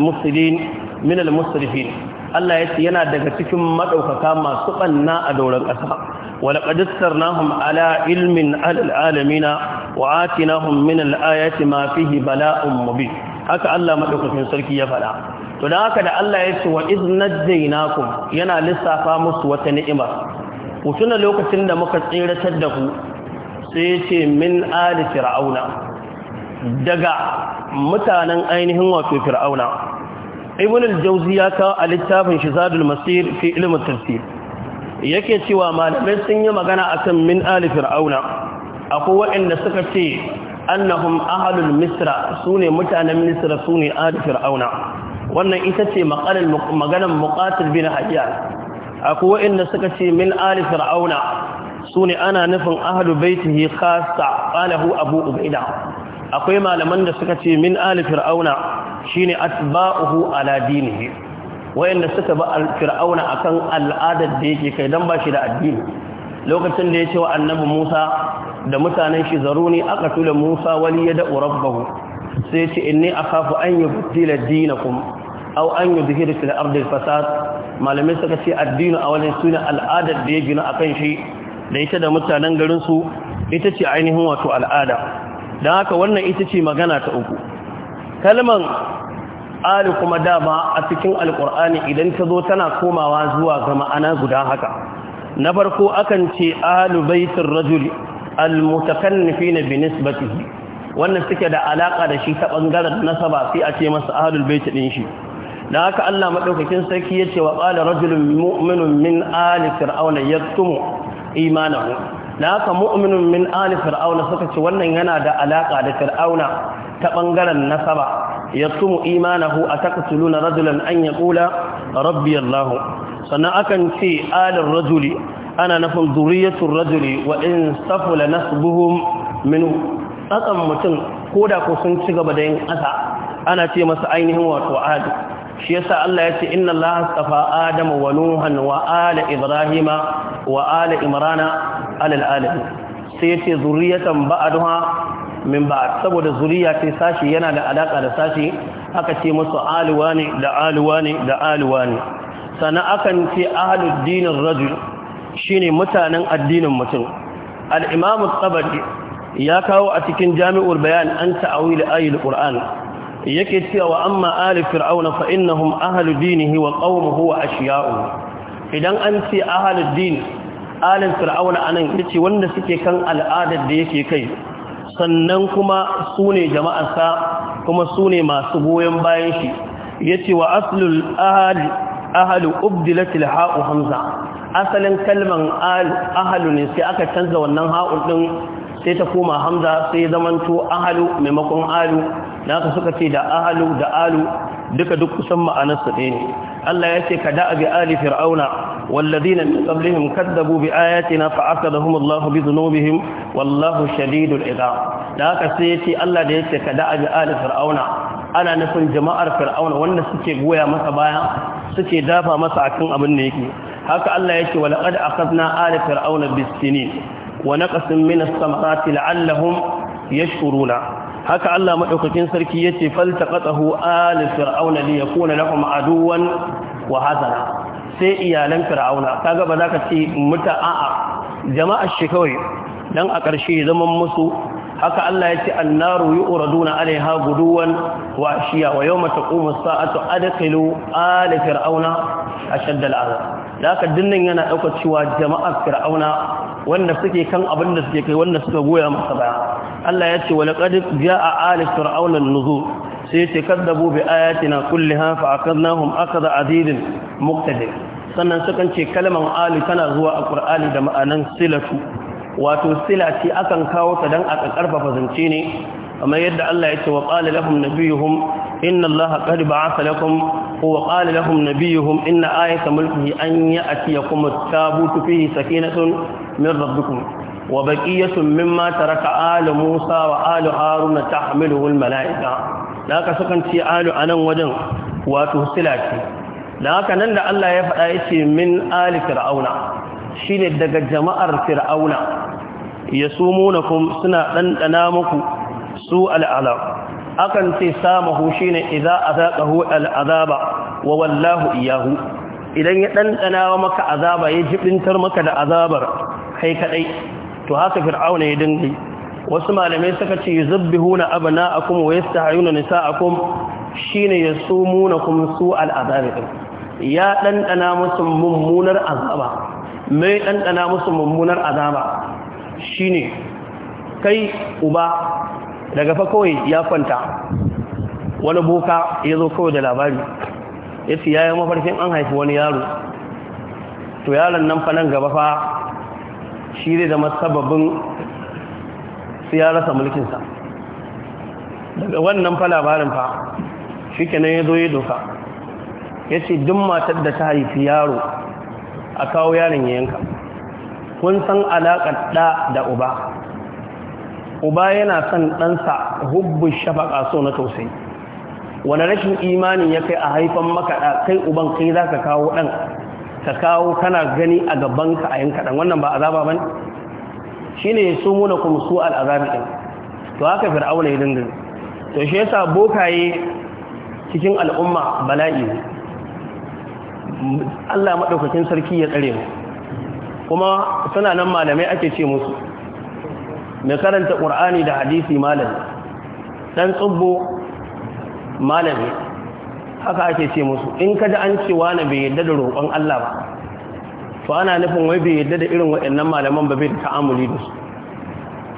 S1: min al-musrifin Allah yace yana daga cikin madaukaka masu banna a dauran ƙasa ولقد استرناهم على علم على العالمين وآتناهم من الآيات ما فيه بلاء مبين haka Allah madaukakin sarki ya faɗa to dan haka da Allah ya ce wa iznajainakum yana lissafa musu wata ni'ima ku tuna lokacin da muka tsiratar da ku sai ya ce min ali fir'auna daga mutanen ainihin wato fir'auna ibn al ya kawo a littafin shizadul masir fi ilmi tafsir yake cewa malamai sun yi magana akan min ali fir'auna akwai waɗanda suka ce annahum ahlul misra sune mutanen misra sune ali fir'auna wannan ita ce maganar muqatil bin hajjar akwai waɗanda suka ce min ali fir'auna sune ana nufin ahlu baitihi khassa qalahu abu ubaida akwai malaman da suka ce min ali fir'auna shine atba'uhu ala dinihi wayanda suka ba fir'auna akan al'adar da yake kai dan bashi da addini lokacin da ya ce wa annabi Musa da mutanen shi zaruni aka tula Musa wali ya da'u rabbahu sai ya ce inni akhafu an yubdila dinakum aw an yudhira fil ardi fasad malamai suka ce addini a wannan sunan al'adar da ya gina akan shi da ita da mutanen garin su ita ce ainihin wato al'ada dan haka wannan ita ce magana ta uku kalman ali kuma dama a cikin alkur'ani idan ta zo tana komawa zuwa ga ma'ana guda haka na farko akan ce alu baitin rajuli na bi nisbatihi wannan suke da alaƙa da shi ta bangaren nasaba sai a ce masa Alubaitin ɗin din shi Da haka Allah maɗaukakin sarki ce wa qala rajulun mu'minun min ali fir'auna yaktumu imanahu Da haka mu'minun min ali fir'auna suka ce wannan yana da alaka da fir'auna ta bangaren nasaba yaqtumu imanahu a ataqtuluna rajulan an yaqula rabbi allah sannan akan ce alin rajuli ana nufin zuriyatul rajuli wa in safula nasbuhum min tsakan mutum ko da sun ci gaba da yin asa ana ce masa ainihin wato adu shi yasa Allah ya ce inna Allah astafa Adam wa Nuhan wa ala Ibrahima wa Imrana alal alamin sai ya ce zuriyatan ba'daha min ba saboda zuriya ce sashi yana da alaka da sashi aka ce musu aluwa ne da aluwa ne da aluwa ne sannan akan ce ahaluddinin rajul shine mutanen addinin mutum al-imam ya kawo a cikin jami'ul bayan an ta'awil ayil qur'an yake cewa amma ali fir'auna fa innahum ahlu dinihi wa qaumuhu wa ashiya'u idan an ce ahlud alin fir'auna anan yace wanda suke kan al'adar da yake kai sannan kuma su ne jama'arsa kuma su ne masu goyon bayan shi ya ce wa asalul ahalu ubdilatil ha'u hamza asalin kalman ahalu ne sai aka canza wannan ha'u ɗin sai ta koma hamza sai zamanto ahalu maimakon alu da aka suka ce da ahalu da alu duka duk kusan ma'anarsa ɗaya ne Allah ya ce ka da'a bi ali fir'auna walladhina min qablihim kadzabu bi ayatina fa akadahum Allah bi dhunubihim wallahu shadidul iqab da haka sai ya ce Allah da ya ce ka da'a bi ali fir'auna ana nufin jama'ar fir'auna wanda suke goya masa baya suke dafa masa akan abin da yake haka Allah ya ce wa laqad akhadna ali fir'auna bis sinin wa naqasin min as-samarati la'allahum yashkuruna haka Allah madaukakin sarki yace faltaqatahu al fir'auna li yakuna lahum aduwan wa hazana sai iyalan fir'auna kaga ba za ka ce muta a'a jama'ar shi kawai dan a ƙarshe zaman musu haka Allah yace annaru yuraduna alaiha guduwan wa shiya wa yawma taqumu as-sa'atu adkhilu al fir'auna ashadd al-'adab da dinnan yana daukar cewa jama'ar fir'auna wanda suke kan abin da suke kai wanda suka goya masa baya Allah ya ce wa laqad jaa ali fir'auna an-nuzur sai ce kaddabu bi ayatina kulliha fa akadnahum akada adidin muqtadir sannan sukan ce kalman ali tana zuwa a qur'ani da ma'anan silatu wato sila akan kawo ta dan a karfafa zance ne kamar yadda Allah ya ce wa qala lahum nabiyuhum inna allaha qad ba'atha lakum wa qala lahum nabiyuhum inna ayata mulkihi an ya'tiyakum at-tabutu fihi sakinatun min rabbikum wa baqiyatun mimma raka alu Musa wa alu Harun tahmiluhu mala'ika laka sukan ci alu anan wajen wato silati laka nan da Allah ya faɗa yace min ali fir'auna shine daga jama'ar fir'auna yasumunakum suna dandana muku su al'ala akan ce samahu shine idza azaqahu al'azaba wa wallahu iyahu idan ya dandana maka azaba ya jibintar maka da azabar kai kadai to haka fir'auna ya dinga wasu malamai suka ce yuzabbihuna abna'akum wa yastahayuna nisa'akum shine yasumunakum su'al azabi ya dandana musu mummunar azaba mai dandana musu mummunar azaba shine kai uba daga fa kawai ya kwanta wani boka ya zo kawai da labari ya yayin mafarkin an haifi wani yaro to yaron nan fa nan gaba fa shi zai zama sababin su ya rasa mulkinsa daga wannan fa labarin fa shi nan ya zo yi doka ya ce duk matar da ta haifi yaro a kawo yaron ya yanka kun san alaƙar ɗa da uba uba yana son ɗansa hubbun shafaƙa so na tausayi wani rashin imanin ya kai a haifan makaɗa kai uban kai za ka kawo ɗan ka kawo kana gani a gaban ka a yanka wannan ba azaba bane shine su su'al azabi din to haka fir'auna ya dinga to shi yasa bokaye cikin al'umma bala'i Allah madaukakin sarki ya tsare mu kuma suna nan malamai ake ce musu Me karanta ƙur'ani da hadisi malami dan tsubbo malami haka ake ce musu in ka ji an ce wani bai yadda da roƙon Allah ba to ana nufin wai bai yadda da irin waɗannan malaman ba bai da ta'amuli da su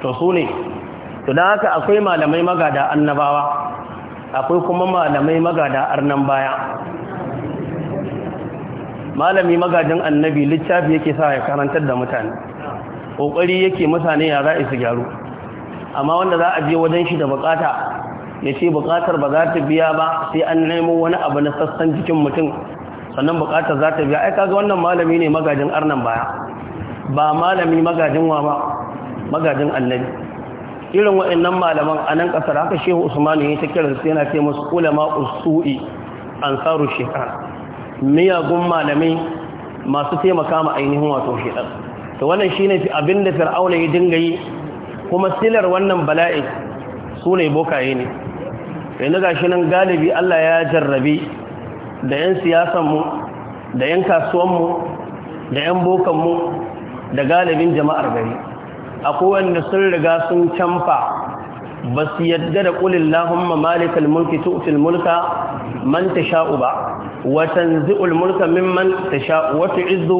S1: to su ne to don haka akwai malamai magada annabawa akwai kuma malamai magada arnan baya malami magajin annabi littafi yake sa ya karantar da mutane ƙoƙari yake mutane ya za'i su gyaru amma wanda za a je wajen shi da bukata ya ce bukatar ba za ta biya ba sai an nemo wani abu na sassan jikin mutum sannan buƙatar za ta biya aika kaga wannan malami ne magajin arnan baya ba malami magajin wa ba magajin annabi irin waɗannan malaman a nan ƙasar haka shehu usmanu ya ta da su na ce musu ulama usu'i ansaru shekara miyagun malami masu taimaka ma ainihin wato shekar to wannan shi ne fi abinda fir'auna ya dinga yi kuma silar wannan bala'i su ne bokaye ne yanzu gashi nan galibi Allah ya jarrabe da 'yan siyasanmu da 'yan kasuwanmu da 'yan bokanmu da galibin jama'ar gari akwai wanda sun riga sun canfa ba su yadda da ƙulin lahumma malikal mulki tu'til mulka man ta sha'u ba watan zi'ul mulka man ta sha'u wata izu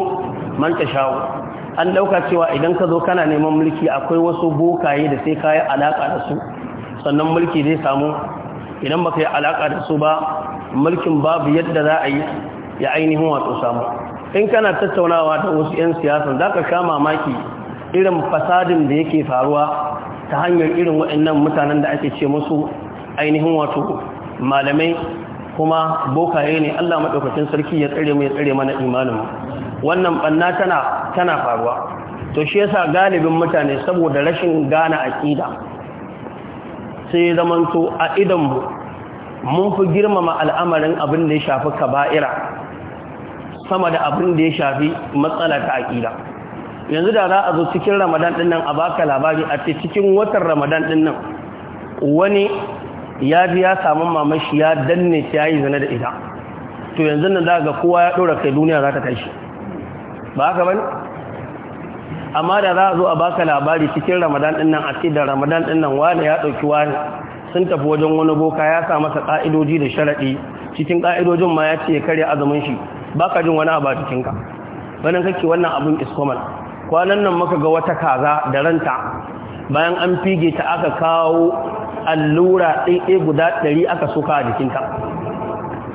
S1: man ta sha'u an ɗauka cewa idan ka zo kana neman mulki akwai wasu bokaye da sai yi alaƙa da su sannan mulki zai samu idan baka yi alaka da su ba mulkin babu yadda za a yi ya ainihin wato samu in kana tattaunawa da wasu 'yan siyasan za ka sha mamaki irin fasadin da yake faruwa ta hanyar irin waɗannan mutanen da ake ce musu ainihin wato malamai kuma bokaye ne Allah maɗaukacin sarki ya tsare mu ya tsare mana mu. wannan ɓanna tana tana faruwa to shi yasa galibin mutane saboda rashin gane aƙida sai zamanto a idanmu mun fi girmama al'amarin abin da ya shafi kaba'ira sama da abin da ya shafi matsala ta aƙida yanzu da za a zo cikin ramadan dinnan nan a baka labari a ce cikin watan ramadan dinnan, wani ya ji ya samu mamashi ya danne ta yi zane da ita to yanzu nan za ga kowa ya ɗora kai duniya za ta kai shi ba haka bane amma da za a zo a baka labari cikin ramadan din nan a ce da ramadan din nan wani ya ɗauki wani sun tafi wajen wani boka ya sa masa ƙa'idoji da sharaɗi cikin ƙa'idojin ma ya ce ya karya azumin shi ba ka jin wani abu cikin ka wannan kake wannan abin iskomal kwanan nan muka ga wata kaza da ranta bayan an fige ta aka kawo allura ɗaiɗai guda ɗari aka soka a jikinta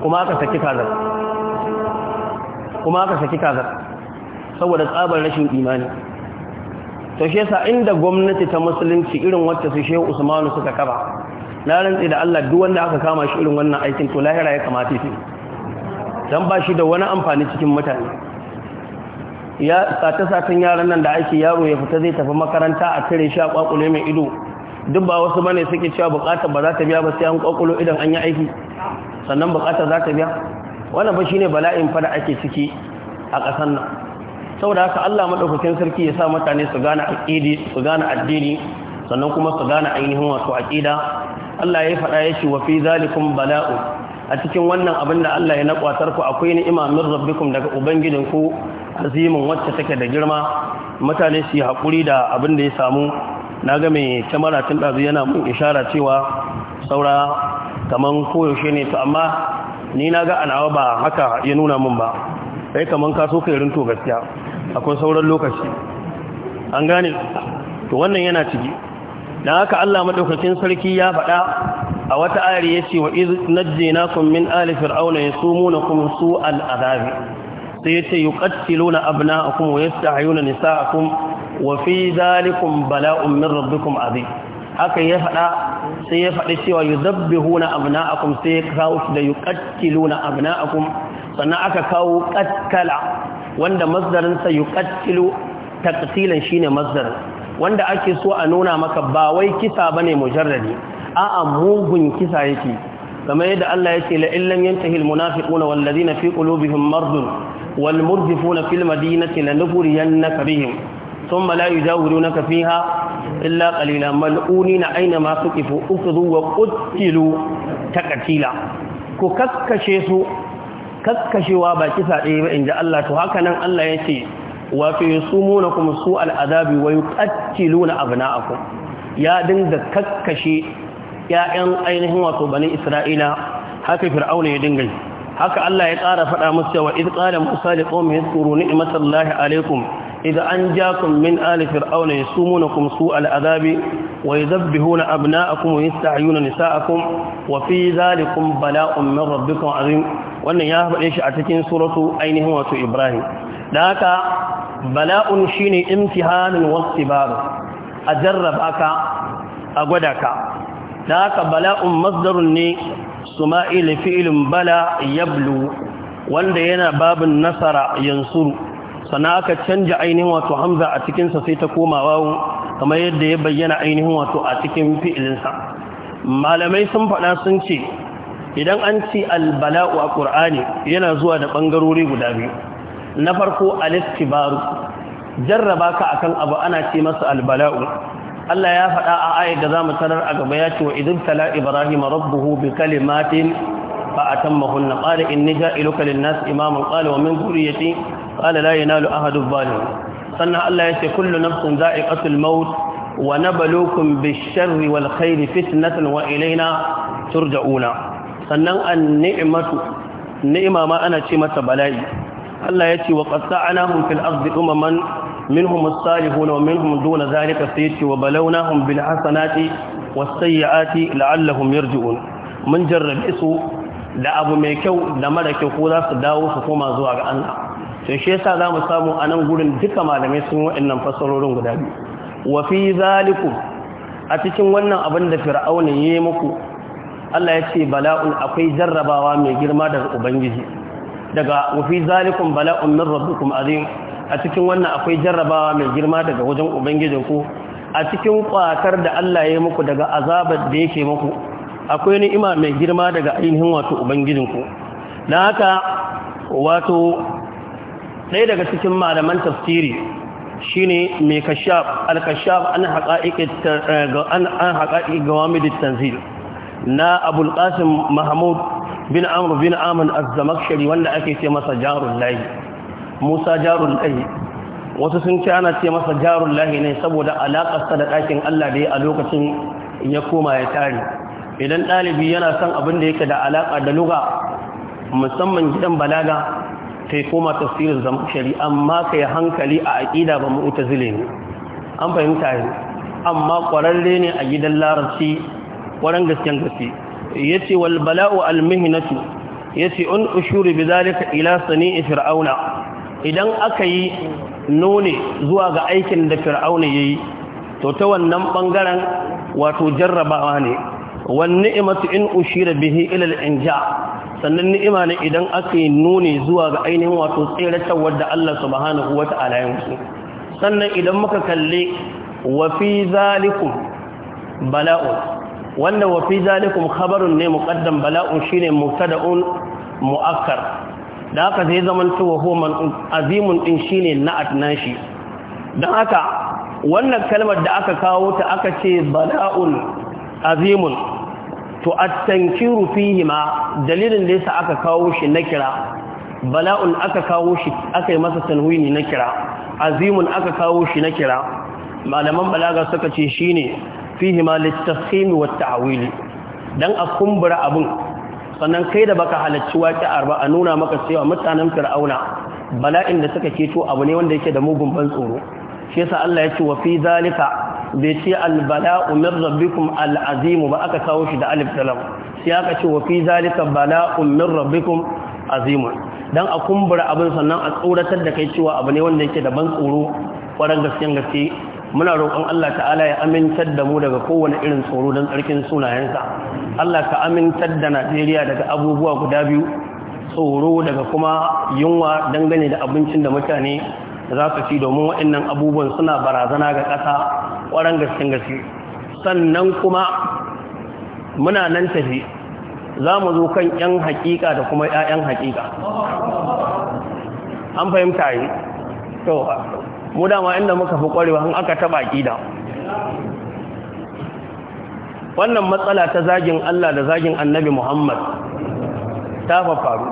S1: kuma aka saki kazar kuma aka saki kazar saboda tsabar rashin imani to shi yasa inda gwamnati ta musulunci irin wacce su shehu usmanu suka kaba na rantsi da Allah duk wanda aka kama shi irin wannan aikin to lahira ya kamata shi dan ba shi da wani amfani cikin mutane ya sata satan yaran nan da ake yaro ya fita zai tafi makaranta a tare shi a kwakule mai ido duk ba wasu bane suke cewa bukatar ba za ta biya ba sai an kwakulo idan an yi aiki sannan bukatar za ta biya wannan ba shine bala'in fa da ake ciki a ƙasar nan saboda haka Allah madaukakin sarki ya sa mutane su gane aqidi su gane addini sannan kuma su gane ainihin wato aqida Allah ya faɗa ya ce wa fi zalikum bala'u a cikin wannan abin da Allah ya nakwatar ku akwai ni'ima min rabbikum daga ubangijinku azimin wacce take da girma mutane su yi haƙuri da abin da ya samu na ga mai kyamara tun ɗazu yana mun ishara cewa saura kaman koyaushe ne to amma ni na ga anawa ba haka ya nuna mun ba sai kaman ka so ka rinto gaskiya akwai sauran lokaci an gane to wannan yana ciki dan haka Allah madaukakin sarki ya faɗa a wata ayar yace wa iz najjaynakum min ali fir'auna yasumunakum su'al adhabi sai yace yuqatiluna abna'akum wa yastahiyuna nisa'akum wa fi dhalikum bala'un min rabbikum adhim haka ya faɗa sai ya faɗi cewa yudabbihuna abna'akum sai ya kawo da yuqatiluna abna'akum sannan aka kawo qattala wanda masdarinsa yuqattilu taqtilan shine masdar wanda ake so a nuna maka ba wai kisa bane mujarradi a'a mugun kisa yake game da Allah ya ce la illam yantahi almunafiquna na fi qulubihim maradun walmurdifuna fil madinati lanughriyannaka bihim thumma na yujawirunaka fiha illa Mal'uni na aina ma uku, zuwa wa ta taqtila ku kakkashe su kakkashewa ba kisa ɗaya ba ji Allah to haka nan Allah ya ce wato ya sumo na kuma su al'adabi wa yi ƙattilo abu na aku ya dinga kakkashe ‘ya'yan ainihin wato banin isra'ila haka fir'auna ya dinga haka Allah ya ƙara faɗa musu cewa iz ƙara musa da ƙomi ya tsoro ni'imatallahi alaikum إذا أنجاكم من آل فرعون يسومونكم سوء العذاب ويذبحون أبناءكم ويستحيون نساءكم وفي ذلكم بلاء من ربكم عظيم wannan ya faɗe shi a cikin suratu ainihin wato ibrahim da haka bala'un shine imtihanin wastibar a jarraba a gwada ka da haka bala'un masdarun ne suma'il filin bala yablu wanda yana babin nasara yansuru sana aka canja ainihin wato hamza a cikinsa sai ta koma wawu kamar yadda ya bayyana ainihin wato a cikin fi'ilinsa malamai sun faɗa sun ce idan an ce albala'u a ƙur'ani yana zuwa da ɓangarori guda biyu na farko alistibaru jarraba ka akan abu ana ce masa albala'u Allah ya faɗa a ayat da zamu tarar a gaba ya ce wa idin tala ibrahim rabbuhu bi kalimatin fa atammahunna qala inni ja'iluka ilokalin nas imaman qala wa min dhurriyyati qala la yanalu ahadu zalim sannan Allah ya ce kullu nafsin za'iqatul maut wa na bish-sharri wal khairi wa ilaina turja'una sannan an ni'matu ni'ima ma ana ce mata bala'i Allah ya ce wa qatta'nahum fil ardi umaman minhum as-salihun wa minhum duna zalika sai ce wa balawnahum bil hasanati was sayyiati la'allahum yarji'un mun jarrabe su da abu mai kyau da mara kyau ko za su dawo su koma zuwa ga Allah sai shi yasa zamu samu anan gurin duka malamai sun wa'annan fasarorin guda biyu wa fi zalikum a cikin wannan abin da fir'auna yayi muku Allah ya ce bala'un akwai jarrabawa mai girma daga ubangiji daga wafi zalikun bala'un min rabbikum azim a cikin wannan akwai jarrabawa mai girma daga wajen ubangijinku a cikin kwatar da Allah ya muku daga azabar da yake muku akwai ni'ima mai girma daga ainihin wato ubangijinku dan haka wato ɗaya daga cikin malaman tafsiri shine mai kashaf al-kashaf an haqa'iq eh, an haqa'iq gawamid at-tanzil na abul qasim mahmud bin amr bin aman az-zamakhshari wanda ake ce masa jarul lahi musa jarul lahi wasu sun ce ana ce masa jarul lahi ne saboda alakar sa da dakin Allah da ya a lokacin ya koma ya tare idan dalibi yana son abin da yake da alaka da lugha musamman gidan balaga kai koma tafsirin zamakhshari amma kai hankali a aqida ba mu'tazili ne an fahimta amma kwararre ne a gidan larabci ƙwaron gasken gaske ya ce wal bala'u almihinatu ya ce un ushuri bi zalika ila sani fir'auna idan aka yi nune zuwa ga aikin da fir'auna ya yi to ta wannan ɓangaren wato jarrabawa ne wani ni'imatu in ushira bihi ilal inja sannan ni'ima ne idan aka yi nune zuwa ga ainihin wato tseratar wadda Allah subhanahu wa ta'ala ya musu sannan idan muka kalli wa fi zalikum wanda wa fi zalikum khabarun ne muqaddam bala'un shine mubtada'un mu'akkar da haka zai zaman to wa huwa azimun din shine na'at nashi dan haka wannan kalmar da aka kawo ta aka ce bala'un azimun to at-tankiru fihi ma dalilin da yasa aka kawo shi na kira bala'un aka kawo shi aka yi masa tanwini kira azimun aka kawo shi na kira malaman balaga suka ce shine fihi ma littafhimi wa ta'wili dan a kumbura abun sannan kai da baka halarci waƙi'ar arba a nuna maka cewa mutanen fir'auna bala'in da suka keto abu ne wanda yake da mugun ban tsoro shi yasa Allah ya ce wa fi zalika bai al-bala'u min rabbikum al'azim ba aka kawo shi da alif salam sai aka ce wa fi zalika bala'u min rabbikum azim dan a kumbura abun sannan a tsoratar da kai cewa abu ne wanda yake da ban tsoro kwarar gaskiyan gaske muna roƙon Allah ta'ala ya amintar da mu daga kowane irin tsoro don tsarkin sunayensa Allah ka amintar da Najeriya daga abubuwa guda biyu tsoro daga kuma yunwa dangane da abincin da mutane za su ci domin waɗannan abubuwan suna barazana ga ƙasa ƙwarar gaskin gaske sannan kuma muna nan tafi za mu zo kan 'yan haƙiƙa da kuma 'ya'yan haƙiƙa an fahimta yi mu dama inda muka fi kwarewa an aka taba ƙida. wannan matsala ta zagin Allah da zagin Annabi Muhammad ta faru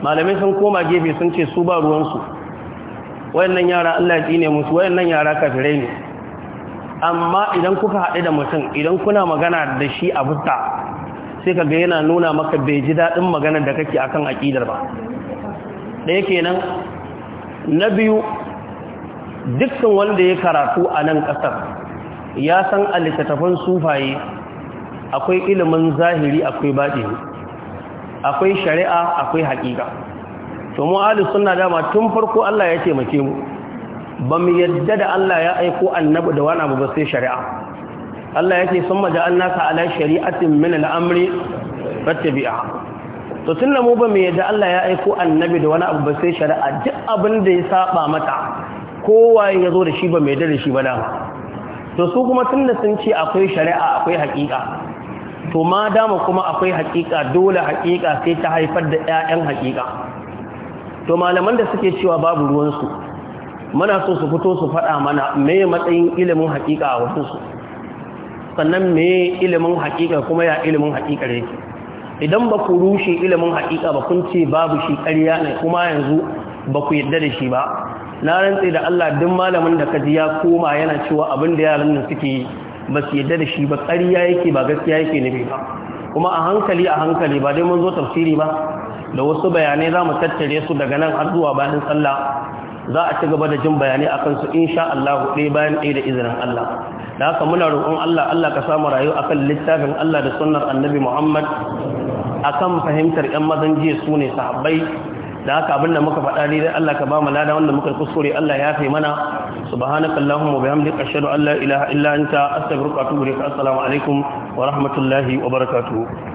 S1: malamai sun koma gefe sun ce su ba ruwansu wayannan yara Allah ya tsine musu wayannan yara kafirai ne amma idan kuka haɗu da mutum idan kuna magana da shi a fuska sai ga yana nuna maka bai ji daɗin maganar da kake akan aƙidar ba ɗaya kenan na biyu dukkan wanda ya karatu a nan ƙasar ya san a littattafan sufaye akwai ilimin zahiri akwai baɗi akwai shari'a akwai haƙiƙa to mu ahli sunna dama tun farko Allah ya taimake mu ba mu yadda da Allah ya aiko annabi da wani abu ba sai shari'a Allah yake summa ja'alnaka ala shari'atin min al-amri fattabi'a to tunda mu ba mu yadda Allah ya aiko annabi da wani abu ba sai shari'a duk abin da ya saba mata kowaye ya zo da shi ba mai da shi ba da to su kuma tun da sun ce akwai shari'a akwai haƙiƙa to ma dama kuma akwai haƙiƙa dole haƙiƙa sai ta haifar da 'ya'yan haƙiƙa to malaman da suke cewa babu ruwansu muna so su fito su faɗa mana me matsayin ilimin haƙiƙa a su sannan me ilimin haƙiƙa kuma ya ilimin haƙiƙar yake idan ba ku rushe ilimin haƙiƙa ba kun ce babu shi ƙarya ne kuma yanzu ba ku yadda da shi ba na rantse da Allah duk malamin da kaji ya koma yana cewa abin da yaran nan suke ba su yadda da shi ba ƙarya yake ba gaskiya yake nufi ba kuma a hankali a hankali ba dai mun zo tafsiri ba da wasu bayanai za mu tattare su daga nan har zuwa bayan sallah za a ci gaba da jin bayanai a su insha Allah ɗaya bayan ɗaya da izinin Allah da haka muna roƙon Allah Allah ka samu rayu akan littafin Allah da sunnar annabi Muhammad akan fahimtar 'yan mazan jiya su ne sahabbai da haka abin da muka faɗa dai Allah ka ba mu lada wanda muka kuskure Allah ya fi mana subhanakallahumma wa bihamdika ashhadu an la ilaha illa anta astaghfiruka wa atubu ilaik assalamu alaikum wa rahmatullahi wa barakatuh